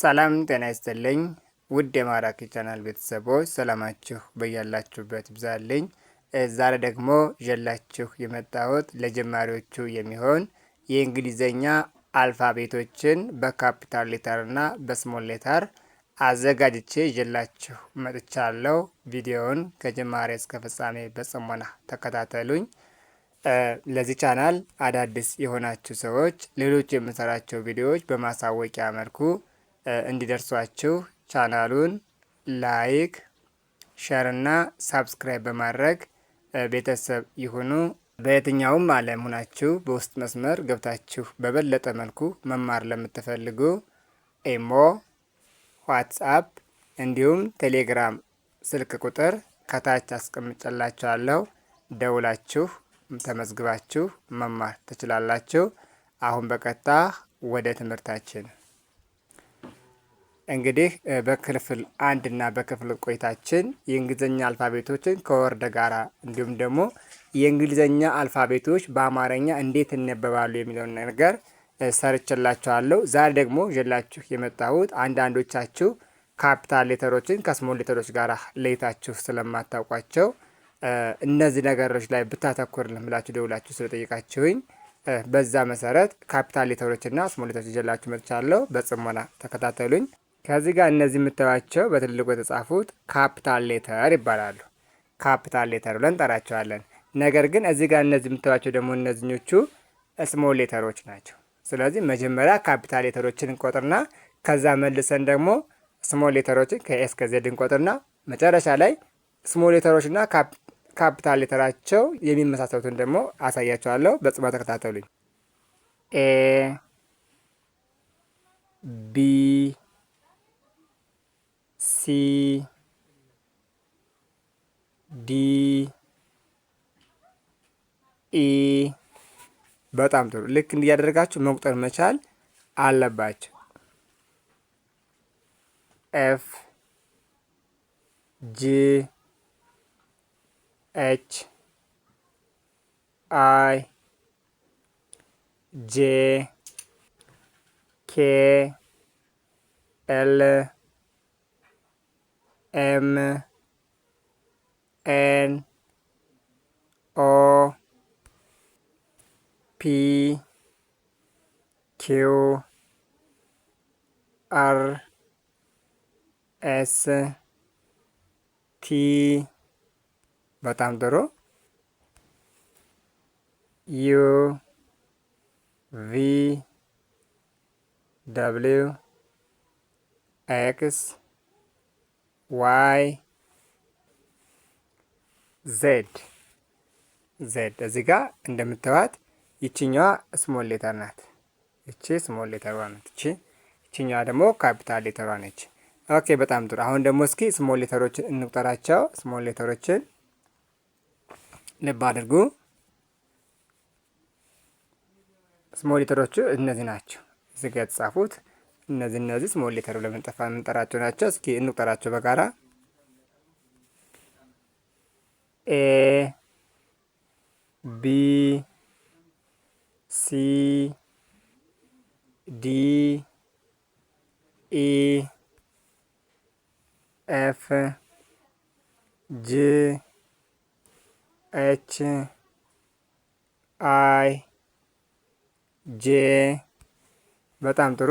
ሰላም ጤና ይስጥልኝ ውድ የማራኪ ቻናል ቤተሰቦች ሰላማችሁ በያላችሁበት ብዛልኝ። ዛሬ ደግሞ ይዤላችሁ የመጣሁት ለጀማሪዎቹ የሚሆን የእንግሊዘኛ አልፋቤቶችን በካፒታል ሌተርና በስሞል ሌተር አዘጋጅቼ ይዤላችሁ መጥቻለሁ። ቪዲዮውን ከጀማሪ እስከ ፍጻሜ በጽሞና ተከታተሉኝ። ለዚህ ቻናል አዳዲስ የሆናችሁ ሰዎች ሌሎች የምሰራቸው ቪዲዮዎች በማሳወቂያ መልኩ እንዲደርሷችሁ ቻናሉን ላይክ፣ እና ሳብስክራይብ በማድረግ ቤተሰብ ይሁኑ። በየትኛውም ዓለም ሁናችሁ በውስጥ መስመር ገብታችሁ በበለጠ መልኩ መማር ለምትፈልጉ ኢሞ፣ ዋትስአፕ እንዲሁም ቴሌግራም ስልክ ቁጥር ከታች አስቀምጨላችኋለሁ። ደውላችሁ ተመዝግባችሁ መማር ትችላላችሁ። አሁን በቀጥታ ወደ ትምህርታችን እንግዲህ በክፍል አንድ እና በክፍል ቆይታችን የእንግሊዝኛ አልፋቤቶችን ከወርደ ጋራ እንዲሁም ደግሞ የእንግሊዝኛ አልፋቤቶች በአማርኛ እንዴት ይነበባሉ የሚለውን ነገር ሰርችላችኋለሁ። ዛሬ ደግሞ ይዤላችሁ የመጣሁት አንዳንዶቻችሁ ካፒታል ሌተሮችን ከስሞል ሌተሮች ጋር ለይታችሁ ስለማታውቋቸው እነዚህ ነገሮች ላይ ብታተኩር ልምላችሁ ደውላችሁ ስለጠየቃችሁኝ በዛ መሰረት ካፒታል ሌተሮችና ስሞል ሌተሮች ይዤላችሁ መጥቻለሁ። በጽሞና ተከታተሉኝ። ከዚህ ጋር እነዚህ የምታዩቸው በትልቁ የተጻፉት ካፒታል ሌተር ይባላሉ። ካፒታል ሌተር ብለን እንጠራቸዋለን። ነገር ግን እዚህ ጋር እነዚህ የምታዩቸው ደግሞ እነዚኞቹ ስሞል ሌተሮች ናቸው። ስለዚህ መጀመሪያ ካፒታል ሌተሮችን እንቆጥርና ከዛ መልሰን ደግሞ ስሞል ሌተሮችን ከኤስ ከዜድ እንቆጥርና መጨረሻ ላይ ስሞል ሌተሮችና ካፒታል ሌተራቸው የሚመሳሰሉትን ደግሞ አሳያቸዋለሁ። በጽማ ተከታተሉኝ። ኤ ቢ ሲ ዲ ኢ በጣም ጥሩ። ልክ እንዲያደርጋችሁ መቁጠር መቻል አለባቸው። ኤፍ ጂ ኤች አይ ጄ ኬ ኤል ኤም ኤን ኦ ፒ ኪው አር ኤስ ቲ በጣም ጥሩ ዩ ቪ ደብሊው ኤክስ ዋይ ዜድ ዜድ እዚህ ጋ እንደምታዩት ይችኛዋ ስሞል ሌተር ናት። እቺ ስሞል ሌተሯ ናት። እቺ ይችኛዋ ደግሞ ካፒታል ሌተሯ ነች። ኦኬ በጣም ጥሩ። አሁን ደግሞ እስኪ ስሞል ሌተሮችን እንቁጠራቸው። ስሞል ሌተሮችን ልብ አድርጉ። ስሞል ሌተሮቹ እነዚህ ናቸው እዚህ ጋ የተጻፉት እነዚህ እነዚህ ስሞል ሌተር ብለን የምንጠፋ የምንጠራቸው ናቸው። እስኪ እንቁጠራቸው በጋራ ኤ ቢ ሲ ዲ ኢ ኤፍ ጂ ኤች አይ ጄ በጣም ጥሩ።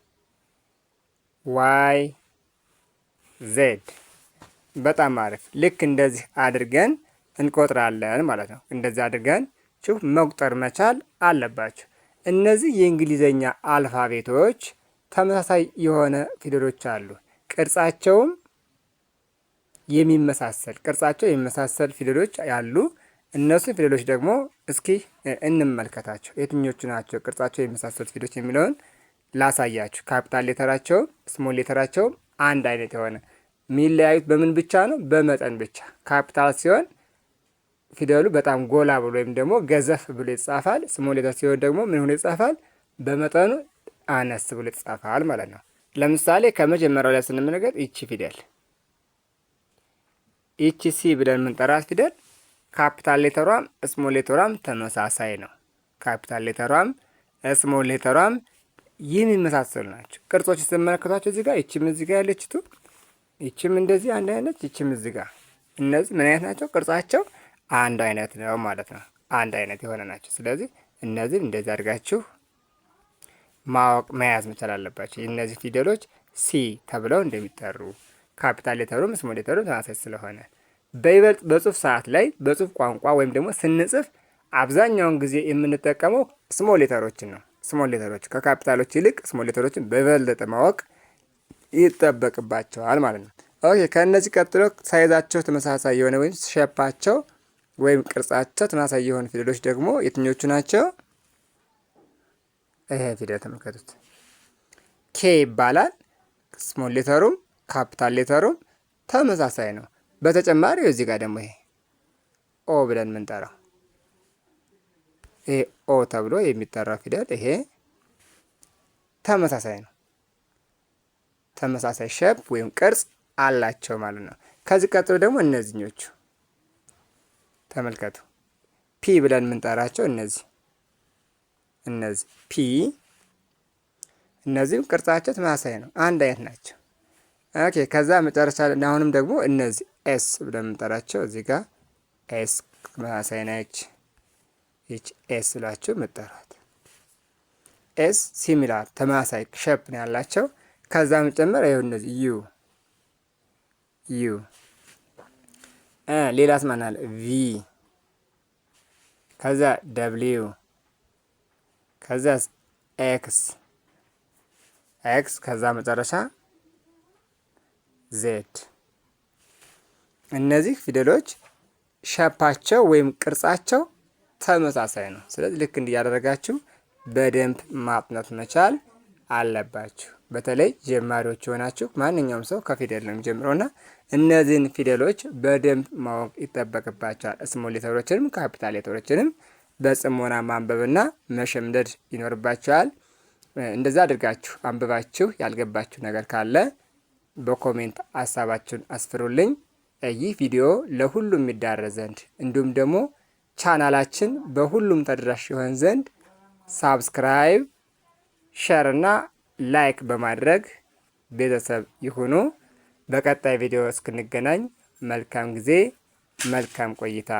ዋይ ዜድ። በጣም አሪፍ። ልክ እንደዚህ አድርገን እንቆጥራለን ማለት ነው። እንደዚህ አድርገን ችሁ መቁጠር መቻል አለባችሁ። እነዚህ የእንግሊዘኛ አልፋቤቶች ተመሳሳይ የሆነ ፊደሎች አሉ። ቅርጻቸውም የሚመሳሰል ቅርጻቸው የሚመሳሰል ፊደሎች ያሉ እነሱ ፊደሎች ደግሞ እስኪ እንመልከታቸው። የትኞቹ ናቸው ቅርጻቸው የሚመሳሰሉት ፊደሎች የሚለውን ላሳያችሁ። ካፒታል ሌተራቸውም ስሞል ሌተራቸው አንድ አይነት የሆነ የሚለያዩት በምን ብቻ ነው? በመጠን ብቻ። ካፒታል ሲሆን ፊደሉ በጣም ጎላ ብሎ ወይም ደግሞ ገዘፍ ብሎ ይጻፋል። ስሞል ሌተር ሲሆን ደግሞ ምን ሆኖ ይጻፋል? በመጠኑ አነስ ብሎ ይጻፋል ማለት ነው። ለምሳሌ ከመጀመሪያው ላይ ስንመለከት ይቺ ፊደል ይቺ ሲ ብለን የምንጠራት ፊደል ካፒታል ሌተሯም ስሞል ሌተሯም ተመሳሳይ ነው። ካፒታል ሌተሯም ስሞል ሌተሯም ይህን የመሳሰሉ ናቸው። ቅርጾች ስትመለከቷቸው እዚህ ጋር ይችም እዚህ ጋር ያለችቱ ይችም እንደዚህ አንድ አይነት ይችም እዚህ ጋር እነዚህ ምን አይነት ናቸው? ቅርጻቸው አንድ አይነት ነው ማለት ነው። አንድ አይነት የሆነ ናቸው። ስለዚህ እነዚህን እንደዚህ አድርጋችሁ ማወቅ መያዝ መቻል አለባቸው። እነዚህ ፊደሎች ሲ ተብለው እንደሚጠሩ ካፒታል ሌተሩም ስሞል ሌተሩም ተመሳሳይ ስለሆነ በይበልጥ በጽሁፍ ሰዓት ላይ በጽሁፍ ቋንቋ ወይም ደግሞ ስንጽፍ አብዛኛውን ጊዜ የምንጠቀመው ስሞል ሌተሮችን ነው። ስሞል ሌተሮች ከካፒታሎች ይልቅ ስሞል ሌተሮችን በበለጠ ማወቅ ይጠበቅባቸዋል ማለት ነው። ኦኬ ከእነዚህ ቀጥሎ ሳይዛቸው ተመሳሳይ የሆነ ወይም ሸፓቸው ወይም ቅርጻቸው ተመሳሳይ የሆኑ ፊደሎች ደግሞ የትኞቹ ናቸው? ይሄ ፊደል ተመልከቱት። ኬ ይባላል። ስሞል ሌተሩም ካፒታል ሌተሩም ተመሳሳይ ነው። በተጨማሪ እዚህ ጋር ደግሞ ይሄ ኦ ብለን ምንጠራው ኦ ተብሎ የሚጠራ ፊደል ይሄ ተመሳሳይ ነው። ተመሳሳይ ሸፕ ወይም ቅርጽ አላቸው ማለት ነው። ከዚህ ቀጥሎ ደግሞ እነዚህኞቹ ተመልከቱ። ፒ ብለን የምንጠራቸው እነዚህ እነዚህ ፒ እነዚህም ቅርጻቸው ተመሳሳይ ነው። አንድ አይነት ናቸው። ኦኬ ከዛ መጨረሻ አሁንም ደግሞ እነዚህ ኤስ ብለን የምንጠራቸው እዚህ ጋር ኤስ ተመሳሳይ ነች። ይች ኤስ ብላችሁ መጠራት። ኤስ ሲሚላር ተማሳይ ሸፕ ነው ያላቸው። ከዛ መጨመር ይኸው እነዚህ ዩ ዩ። ሌላስ ማናል ቪ፣ ከዛ ደብሊው፣ ከዛ ኤክስ ኤክስ፣ ከዛ መጨረሻ ዜድ። እነዚህ ፊደሎች ሸፓቸው ወይም ቅርጻቸው ተመሳሳይ ነው። ስለዚህ ልክ እንዲያደረጋችሁ በደንብ ማጥናት መቻል አለባችሁ። በተለይ ጀማሪዎች የሆናችሁ ማንኛውም ሰው ከፊደል ነው የሚጀምረውና እነዚህን ፊደሎች በደንብ ማወቅ ይጠበቅባቸዋል። ስሞል ሌተሮችንም ካፒታል ሌተሮችንም በጽሞና ማንበብና መሸምደድ ይኖርባቸዋል። እንደዛ አድርጋችሁ አንብባችሁ ያልገባችሁ ነገር ካለ በኮሜንት ሀሳባችሁን አስፍሩልኝ። ይህ ቪዲዮ ለሁሉም የሚዳረስ ዘንድ እንዲሁም ደግሞ ቻናላችን በሁሉም ተደራሽ ይሆን ዘንድ ሳብስክራይብ፣ ሸር እና ላይክ በማድረግ ቤተሰብ ይሁኑ። በቀጣይ ቪዲዮ እስክንገናኝ መልካም ጊዜ፣ መልካም ቆይታ